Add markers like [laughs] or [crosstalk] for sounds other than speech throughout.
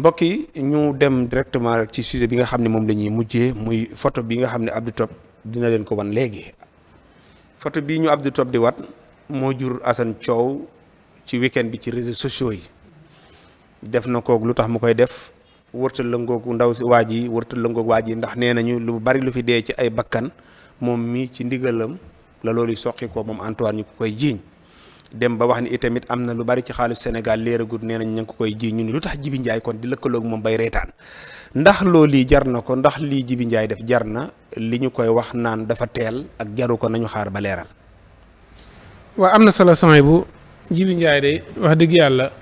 mbokk yi ñu dem directement rek ci sujet bi nga xam ne moom la mujjee muy photo bi nga xam ne Abdou Top dina leen ko wan léegi photo bii ñu Abdou Top di wat moo jur Assane Coow ci weekend bi ci réseaux sociaux yi def na koog lu tax mu koy def wërtal lëngoogu ndaw si waaj yi wërtal lëngoogu waaj yi ndax nee nañu lu bari lu fi dee ci ay bakkan moom mii ci ndigalam la loolu soqi ko moom Antoine ñu ko koy jiiñ dem ba wax ni itamit am na lu bari ci xaalis Sénégal léeragut nee nañ ña ko koy ji ñu ni lu tax Jibi Njaay kon di lëkkaloog moom bay reetaan ndax lii jar na ko ndax lii Jibi Njaay def jar na li ñu koy wax naan dafa teel ak jaru ko nañu xaar ba leeral. waaw am na solo samay bu Jibi Njaay de wax dëgg yàlla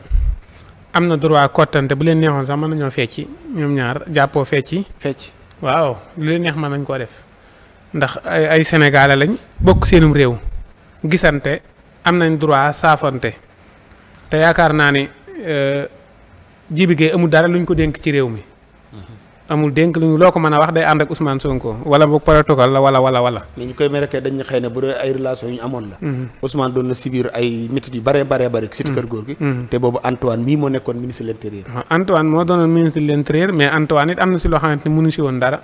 am na droit kottante bu leen neexoon sax mën nañoo fecci ñoom ñaar jàppoo fecci. fecci waaw lu leen neex mën nañ koo def ndax ay ay lañ bokk seenum réew gisante. am nañ droit saafante te yaakaar naa ni euh, Djibi amul dara luñ ko dénk ci réew mi. Mhm. amul dénk lu loo ko mën a wax day ànd ak Ousmane Sonko wala bu protocole la ñu koy la. Mhm. Ousmane doon na sibir ay métit yu bare bare mhm. mii moo nekkoon ministre de l'intérieur. Ah, Antoine moo doonoon ministre de l'intérieur mais Antoine it am na si loo xamante mënu si woon dara.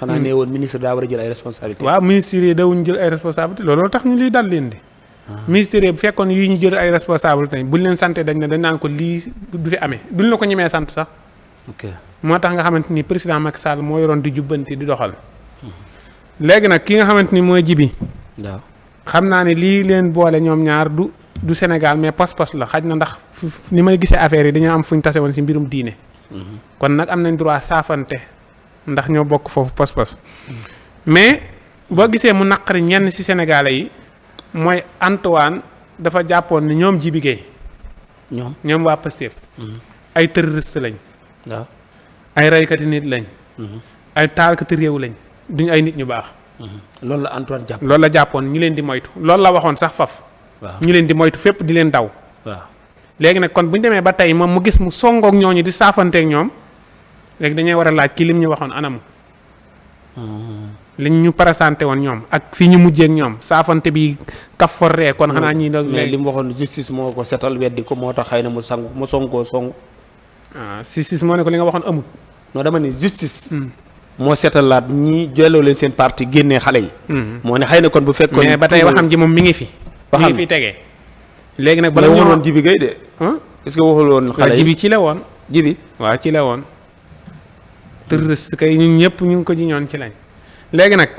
xanaa hmm. nee woon ministre daa war a jël ay responsabilités. waaw ministre yi dawuñ jël ay responsabilités looloo tax ñu liy dal leen di. ministère yi bu fekkoon yu ñu jël ay responsable tey buñ leen santé dañ ne dañ naan ko lii du fi amee duñ la ko ñemee sant sax. moo tax nga xamante ni président Macky Sall moo yoroon di jubbanti di doxal. léegi nag ki nga xamante ni mooy jibi waaw xam naa ni lii leen boole ñoom ñaar du du Sénégal mais pos-pos la xaj na ndax ni may gisee affaire yi dañoo am fu ñu tase woon ci mbirum diine. Mhm. kon nag am nañ droit saafante ndax ñoo bokk foofu pos-pos. mais boo gisee mu naqari ñenn ci sénégalais yi. mooy Antoine dafa jàppoon ni ñoom Jibi Gueye ñoom ñoom waa Pastef mhm. ay terroriste lañ ay raykati nit lañ mhm. ay taalkati réew lañ duñu ay nit ñu baax mhm. loolu la Antoine loolu la jàppoon ñu leen di moytu loolu la waxoon sax faf ñu leen di moytu fépp di leen daw léegi nag kon bu ñu demee ba tey moom mu gis mu songook ñooñu di saafanteek ñoom léegi dañuy war a laaj ki lim ñu waxoon anamu li ñu présenté woon ñoom ak fii ñu mujjee ñoom saafante bi kaf forree kon xanaa ñi nag mais li mu waxoon justice moo ko setal weddi ko moo tax xëy na mu sang mu sonkoo song ah justice moo ne ko li nga waxoon amul non dama ni justice hmm. moo seetalaat ñi jëloo leen seen parti génnee xale yi hmm. moo ne xay na kon bu fekkoon mais ba tey waxam ji moom mi ngi fi mi ngi fi tegee léegi nag bala ñoo woon jibi gay de est-ce que waxul xale yi jibi ci la woon jibi waaw ci la woon tërës kay ñun ñëpp ñu ngi ko ji ñoon ci léegi nag.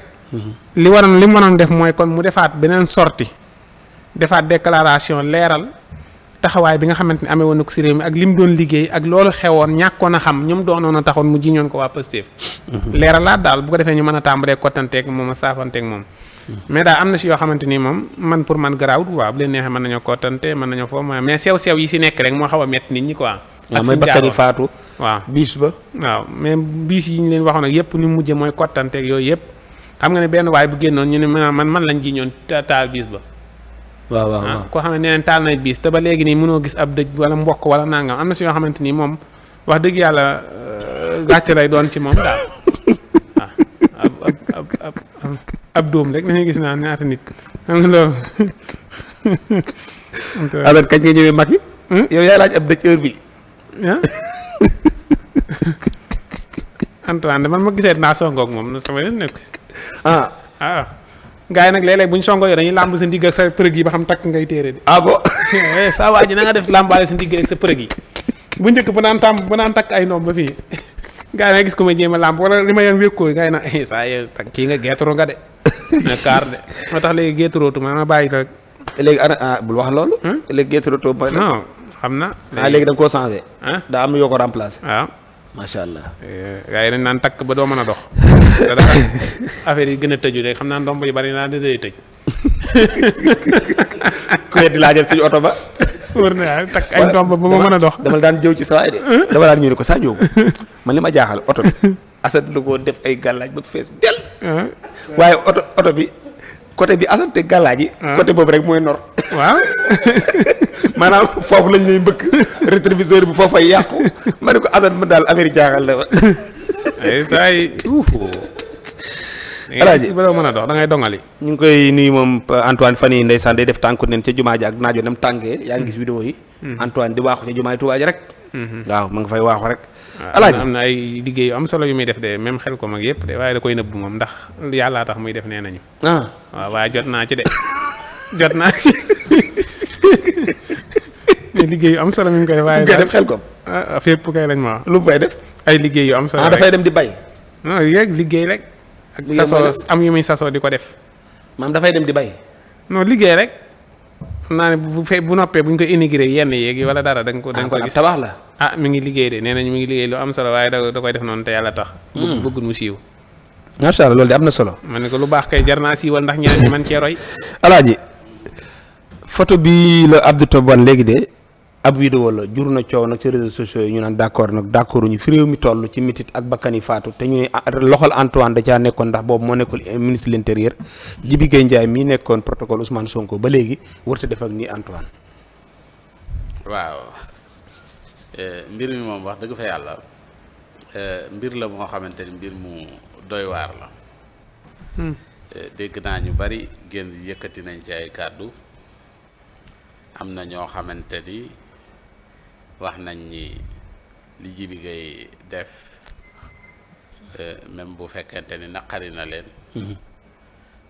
li waroon li mu waroon def mooy kon mu defaat beneen sortie defaat déclaration leeral taxawaay bi nga xamante ne amee woon ko si réew mi ak li mu doon liggéey ak loolu xewoon ñàkkoon a xam ñoom doonoon a taxoon mu jiñoon ko waa Pastef. Mhm. leeralaat daal bu ko defee ñu mën a tàmbalee kottanteeg moom a saafanteeg moom. Mhm. mais daal am na si yoo xamante ni moom man pour man garaawut waaw bu leen neexee mën nañoo kottante mën nañoo foofu mais sew yi si nekk rek moo xaw a métti nit ñi quoi. waaw mooy bakkan yi waaw biis ba. waaw mais biis yi ñu leen waxoon ak yëpp ni mu mujjee mooy kottanteeg yooyu yëpp xam nga ne benn waay bu génnoon ñu ne man man lañ ji ñoon taal biis ba. Ah, waaw koo xam ne nee taal biis te ba léegi nii mënoo gis ab wala mbokk wala nangam am na si yoo xamante ni moom wax dëgg yàlla euh, gàcce lay doon ci moom doom ah, rek dañuy gis naa ñaata nit xam nga loolu. [laughs] alors kañ nga ñëwee Macky. Hmm? yow yaa laaj ab dëj heure bi [laughs] Antoine man ma gisee naa songoog moom sama yoon nekk ah ah gars yi nag léeg-léeg bu ñu songoo yow dañuy làmb sa sa përëg yi ba xam takk ngay téere ah [laughs] eh, saa waa na nga def làmbaale sa ndigg ak sa përëg yi bu njëkk bu naan tàmb bu naan takk ay noom ba [laughs] gis ko ma jéem a làmb li ma yoon wékkoo gars yi eh, takk kii nga tax léegi ma bàyyi la léegi ana ah, bul wax loolu hmm? léegi geetarootu ma xam na. Ah, léegi léegi da nga koo changé. daa am na yoo ko remplacé. waaw ah. macha allah. waaye eh, yi dañ naan takk ba doo mën a dox. [laughs] te affaire yi gën a tëju léegi xam naa ndomb yi bari naa ne day tëj. [laughs] ku di jël suñu oto ba. wër na takk ay ndomb ba ma mën a dox. dama daan jëw ci saa de. dama daan ñëw ne ko saa [laughs] ñëw man li ma jaaxal oto bi. asat lu ko def ay gàllaaj ba fees del. waaye oto oto bi côté bi asat te gàllaaj yi. côté boobu rek mooy nor. waaw maanaam foofu lañ lay mbëkk rétroviseur bi foofay yàqu ma ne ko adat ma daal affaire jaaxal la ma. ay saa yi alaaji da mën a dox da ngay dongali. ñu ngi koy nuyu moom euh, Antoine fan yii ndeysaan day def tànku neen ca jumaa ji ak naajo nam tàngee yaa ngi gis vidéo yi. Mm-hmm. Antoine di waaxu ca jumaa yi Tuubaa rek. Mm-hmm. waaw ma nga fay waaxu rek. alaaj am na ay liggéey am solo yu muy def de même xel ko mag yëpp de waaye da koy nëbbu moom ndax yàllaa tax muy def nee nañu. ah waaw waaye jot naa ci de. [laughs] jot naa ci mais [laughs] liggéey yu am solo mi ngi koy. waaye daal def ko. Ah, ah, fépp kay lañ lu mu koy def. ay liggéey yu am solo ah, dafay dem di bay. non liggéey rek. ak sasoo am yu muy sasoo di ko def. maam dafay dem di bay. non liggéey rek. xam naa ne bu fe bu noppee bu ñu ko inauguré yenn yeeg wala dara da nga da nga ko gis tabax la mi ngi liggéey de nee nañ mi ngi liggéey lu am solo waaye da da koy def noonu te yàlla tax hmm. bëggul mu siiw macha loolu de am na solo ma ne ko lu baax kay jar naa siiwal ndax ñeneen ñi man cee roy alaaji photo bii la Abdou Top léegi de ab vidéo la jur na coow nag ci réseaux sociaux yi ñu naan d'accord nag d'accord ñu fi réew mi toll ci mitit ak bakkan yi faatu te ñuy ah, loxol Antoine da caa nekkoon ndax boobu moo nekkul ministre de l'intérieur Jibi Gueye Ndiaye mii nekkoon protocole Ousmane Sonko ba léegi warta def ak nii Antoine. waaw eh, mbir mi moom wax dëgg fa yàlla eh, mbir la moo xamante ni mbir mu doy waar la. Hmm. Eh, dégg naa ñu bari génn yëkkati nañ ci kàddu. am na ñoo xamante ni wax nañ ni li Jibi Gaye def euh, même bu fekkente ni naqari na leen mhm.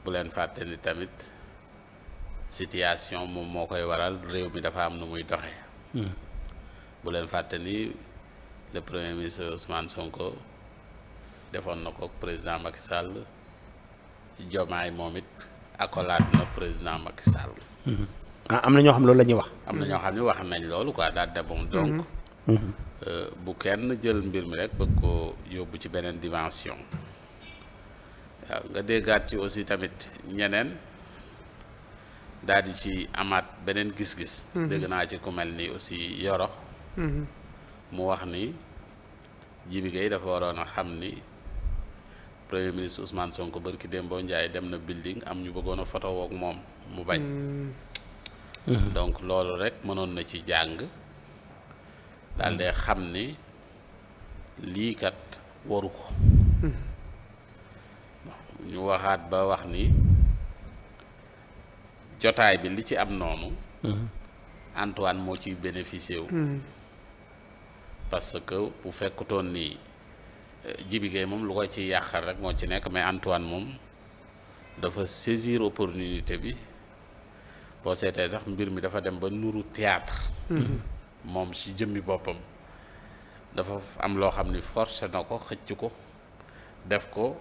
bu leen fàtte ni tamit situation moom moo koy waral réew mi dafa am nu muy doxe mhm. buleen leen fàtte ni le premier ministre Ousmane Sonko defoon na ko président Macky Sall Diomaye moom it accolade na président Macky Sall mhm. ah am na ñoo xam loolu la ñuy wax. am na ñoo xam ne wax nañ loolu ko daal de bon donc. Mm-hmm. Euh, bu kenn jël mbir mi rek bëgg ko yóbbu ci beneen dimension. waaw nga déggaat ci aussi tamit ñeneen daal di ci amaat beneen gis-gis. Mm-hmm. dégg naa ci ku mel ni aussi yoro mm-hmm. mu wax ni Jibi Gueye dafa waroon a xam ni premier ministre Ousmane Sonko bërki démboo njaay dem na building am ñu bëggoon a photo woog moom mu bañ. donc loolu rekk mënoon na ci jàng daal xam ni lii kat waru ko ñu waxaat ba wax ni jotaay bi li ci am noonu Antoine moo ciy bénéficié wu hmm. parce que bu fekkutoon ni euh, Jibi Gueye moom lu ko ci yàqal rek moo ci nekk mais Antoine moom dafa saisir opportunité bi boo seetee sax mbir mi dafa dem ba nuru théâtre mm-hmm. moom ci jëmmi boppam dafa am loo xam ni forcé na ko xëcc ko def ko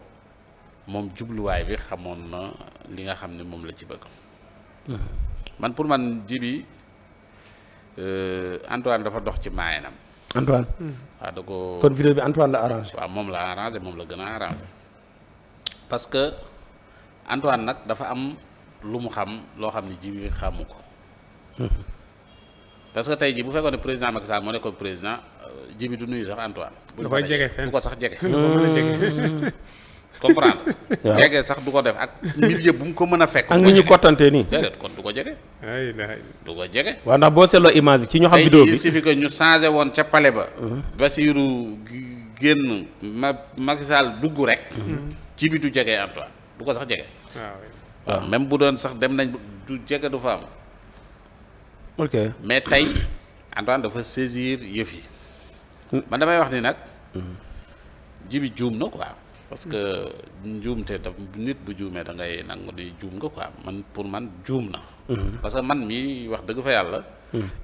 moom jubluwaay bi xamoon na li nga xam ne moom la ci bëgg mm-hmm. man pour man jibi euh, Antoine dafa dox ci maayanam Antoine mm-hmm. waaw da ko kon vidéo bi Antoine la arrangé waaw moom la arrangé moom la gën a arrangé parce Antoine nag dafa am lu mu xam loo xam ne ji xamu ko. Mhm. parce que tey jii bu fekkoon ne président Macky Sall ne nekkoon président euh, ji bi du nuyu sax Antoine. bu ko jege bu ko sax jege. [laughs] [laughs] comprendre. [laughs] waaw sax du ko def ak bu mu ko mën a fekk. ak ni ñu kottante nii. déedéet du ko jege. ay du ko jege. waaw ndax boo seetloo image bi ci ñoo xam. vidéo bi tey jii suffit ñu changé woon ca pale ba. Mhm. Basirou génn ma dugg rek. Mhm. ji du jege Antoine du ko sax jege. Ah waaw ah. même bu doon sax dem nañ du jege du fa am. mais tey Antoine dafa saisir yëf yi. man damay wax ni nag. Mm-hmm. jibi juum na quoi. parce que mm-hmm. njuumte daf nit bu juumee da ngay nangu di juum nga quoi man pour man juum na. Mm-hmm. parce que man mii wax dëgg fa yàlla.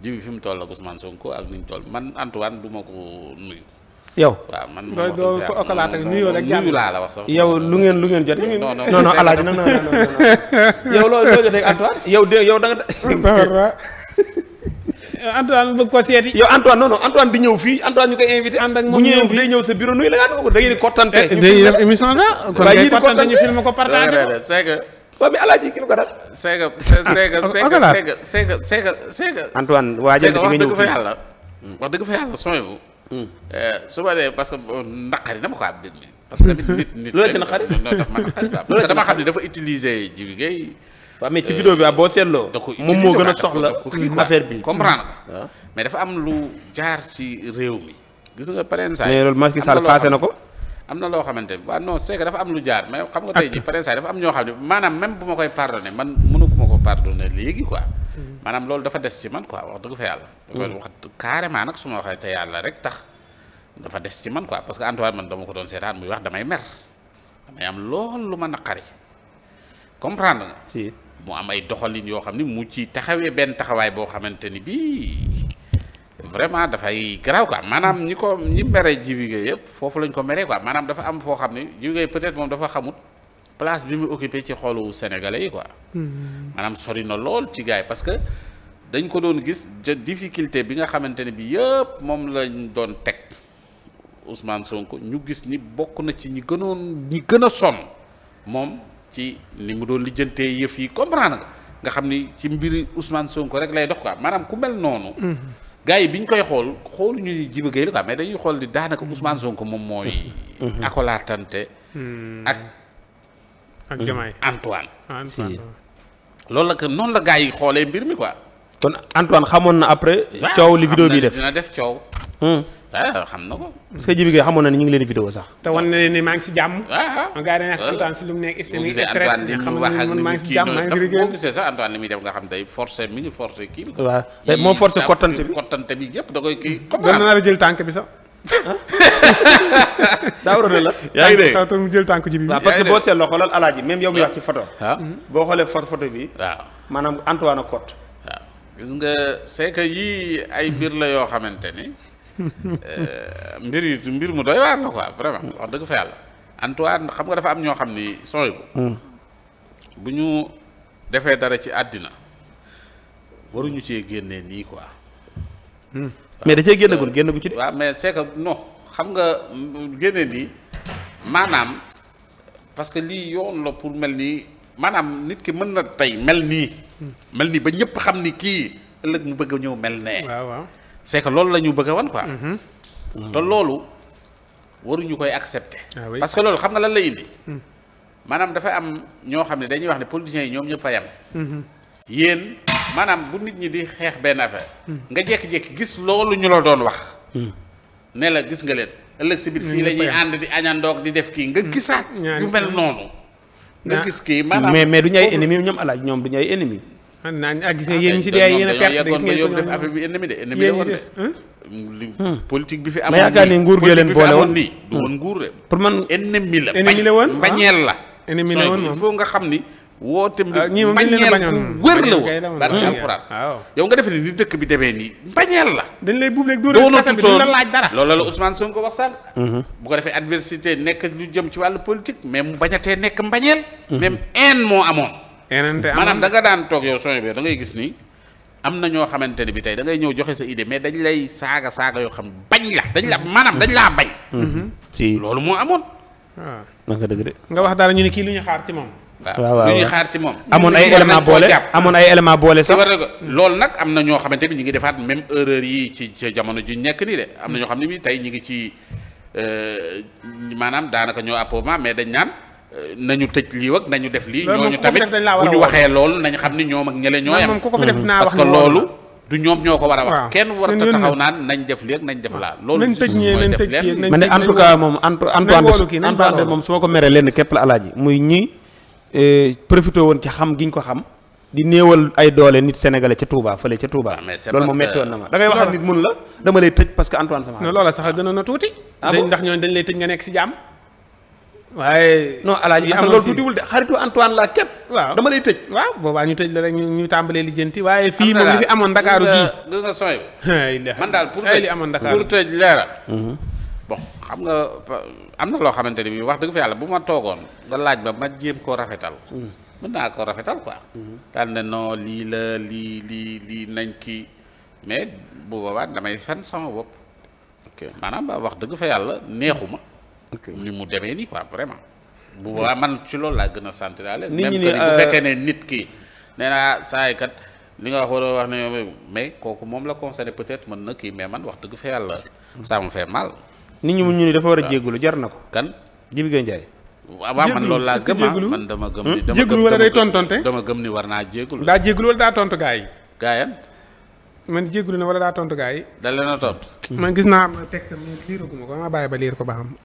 jibi fi mu toll ak Ousmane Sonko ak ni mu toll man Antoine du ma ko nuyu. yow waaw man man doo wax sax yow lu ngeen lu ngeen jot non non alaaji non non [laughs] yow loo Antoine yow de yow da nga [laughs] Antoine bëgg ko seeti yow Antoine non non Antoine di ñëw fii Antoine ñu koy invité ànd ak moom bu ñëw sa bureau nuyu la nga ko da ngeen di kottante eh, day def émission da kon ngay kottante ñu filmé ko partagé ko c'est que waaw mais alaaji ki lu ko dal c'est que c'est que c'est que c'est que c'est que Antoine waa jënd nga ñëw fii wax dëgg Euh, su ma dee parce que naqari dama ko am mbir mi. parce que nit nit [laughs] loolu ci naqari non daf ma naqari quoi [laughs] parce dafa utiliser Djibi Gueye. waaw euh, bi waaw boo seetloo. da ko moom moo a soxla affaire bi comprendre nga mais dafa am lu jaar ci réew mi. gis nga pareen saa na loo xamante ne waaw non c'est que dafa am lu jaar mais xam nga tey jii saa yi dafa am ñoo xam ne maanaam même bu ma koy pardonné man mënu ko ma ko pardonné léegi quoi. maanaam loolu dafa des ci man quoi wax dëgg fa yàlla. Mm. loolu wax carrément nag su waxee te yàlla rek tax dafa des ci man quoi parce que Antoine man dama ko doon seetaan muy wax damay mer damay am lool lu ma naqari comprendre nga. si mu am ay doxalin yoo xam ni mu ci taxawee benn taxawaay boo xamante ni bii. vraiment dafay garaaw quoi maanaam ñi ko ñi mere jibi ngay yëpp foofu lañ ko meree quoi maanaam dafa am foo xam ne jibi ngay peut-être moom dafa xamut place bi mu occupé ci xolu sénégalais yi quoi. Hmm. maanaam sori na lool ci gars yi parce que dañ ko doon gis ja difficulté bi nga xamante ne bi yëpp moom lañ doon teg Ousmane sonk ñu gis ni bokk na ci ñi gënoon ñi gën a sonn moom ci ni mu doon lijjantee yëf yi comprendre nga nga xam ni ci mbiri Ousmane Sonko rek lay dox quoi maanaam ku mel noonu. Hmm. gars yi bi ñu koy xool xoolu ñuy Djiby Gueye la quoi mais dañuy xool di daanaka hmm. Ousmane sonk moom mooy. akolaatante ak. ak Diomaye mm. Antoine. Antoine loolu la que noonu la gars yi xoolee mbir mi quoi. kon Antoine xamoon na après. coow li vidéo bi def dina def coow. waaw hmm. ah, xam na parce que Jibi Gueye xamoon na ni ñu ngi leen di vidéo sax. te wan na ni maa ngi si jàmm. waaw ah, ah. gars yi dañuy nga xam ne man maa ngi si jàmm maa ngi liggéey boo gisee sax Antoine li muy def nga xam day forcé mi ngi forcé kii bi. waaw moo forcé kottante bi kottante bi yëpp da koy kii. xam naa la jël tànk bi sax. [laughs] daawro na la. yaa ngi dégg tànk mu jël tànk ji bi. waaw parce que boo seetloo xoolal alaaji même yow mi wax ci photo. Hmm. boo xoolee photo photo bi. waaw maanaam Antoine Cote. waaw gis nga c'est que yii ay mbir la yoo xamante ne euh, mbir yi mbir mu doy waar la quoi vraiment hmm. wax dëgg fa yàlla Antoine xam nga dafa am ñoo xam ni sooy bu. Hmm. ñu defee dara ci àddina waruñu cee génnee nii quoi. mais da cee génnagul génnagu ci de. waaw mais c'est que non xam nga génne nii maanaam parce que lii yoon la pour mel nii maanaam nit ki mën na tey mel nii. mel nii ba ñëpp xam ni kii ëllëg mu bëgg ñëw mel nee. waaw loolu la ñu bëgg a wan quoi. Mm-hmm. te loolu waruñu koy accepter. Ah parce que loolu xam nga lan lay indi. Mm. maanaam dafay am ñoo xam ne dañuy wax ne politiciens yi ñoom ñëpp a mm-hmm. yéen. maanaam bu nit ñi di xeex benn affaire. nga jekki jékki gis loolu ñu la doon wax. ne la gis nga leen. ëllëg si biir fii la ànd di añandoog di def kii nga hmm. gisaat. yu mel noonu. nga gis kii maanaam mais mais du ñu ay ennemis ñoom alaaj ñoom du ñu ay ennemis. ah naan ah gis nga ah, yéen ñi si dee yéen a perte de gis bi ennemi de ennemi de hmm. Hmm. bi fi amoon nii nguur gee leen boole woon du woon nguur de. pour man ennemi la. ennemi la woon mbañeel la. ennemi la woon xam ni woote bi ah, mbañeel bu wër la woon barke alxuraan yow nga defe ne dëkk bi demee nii mbañeel la dañ lay buubleeg dóor la laaj dara loolu la Ousmane Sonko wax sànq mhm. bu ko defee adversité nekk lu jëm ci wàllu politique mais mu bañatee nekk mbañeel même haine moo amoon maanaam da nga daan toog yow soño da ngay gis nii am na ñoo xamante ne bi tey da ngay ñëw joxe sa idée mais dañ lay saaga saaga yoo xam bañ la dañ la mhm. maanaam dañ laa bañ mhm. ci loolu moo amoon waaw ah. nga dëgg de nga wax dara ñu ne kii lu ñu xaar ci moom waaw waaw lu ñuy xaar ci moom. amoon ay élément boole amoon ay élément boole sax. loolu nag am na ñoo xamante ni ñu ngi defaat même erreur yi ci ci jamono ji nekk nii de am na ñoo xam ne bii tey ñu ngi ci euh, maanaam daanaka ñoo appauvement mais dañ naan euh, nañu tëj lii wak nañu def lii. ñooñu tamit bu ñu waxee loolu nañu xam ni ñoom ak ñële ñoo yam parce que loolu. du ñoom ñoo ko war a wax kenn warta taxaw naan nañ def léeg nañ def laa loolu nañ tëj ñee nañ tëj man en tout cas moom Antoine Antoine de moom su ma ko meree lenn képp la alaaji muy ñi Eh, profité woon ci xam giñ ko xam di néewal ay doole nit sénégalais ca Touba fële ca Touba. Ah, loolu moom méttoon na ma da ngay wax ak nit mun la dama lay tëj parce que Antoine sama. non loola sax gënoon na tuuti. Ah ndax ñooñu dañ lay tëj nga nekk si jàmm. waaye. non alaaji asan loolu tuutiwul de xaritu Antoine laa képp. waaw dama lay tëj. waaw boobaa ñu tëj la rek ñu ñu tàmbalee lijjanti waaye. fii moom li fi amoon Ndakaaru gii. gis nga [laughs] daal pour tëj li amoon Ndakaaru pour tëj leeral. Mhm. bon xam nga am na loo xamante ni bi wax dëgg fa yàlla bu ma toogoon nga laaj ba ma jéem koo rafetal hmm. mën naa ko rafetal quoi hmm. daal ne non lii la lii lii lii nañ kii mais bu boobaa damay fen sama bopp maanaam wax dëgg fa yàlla neexuma li mu demee nii quoi vraiment bu boobaa ci loolu laa gën a sentir euh, nit ki nee naa ah, saa li nga wax war wax ne mais kooku moom la concerné peut-être mën na kii mais man wax dëgg fa yàlla hmm. ça ma fait mal nit ñi mu ñu ni dafa war a jéggulu jar na ko. kan Jibi Gueye Ndiaye. waaw man loolu laa gëm ah man dama gëm hmm? ni dama jéggulu wala day tontonte dama gëm ni war naa jéggulu. daa jéggulu wala daa tontu gaa yi. gaa yan. man jéggulu na wala daa tontu gaa yi. da na a tontu. man gis naa am na texte liiraguma ko ma bàyyi ba liir ko ba xam.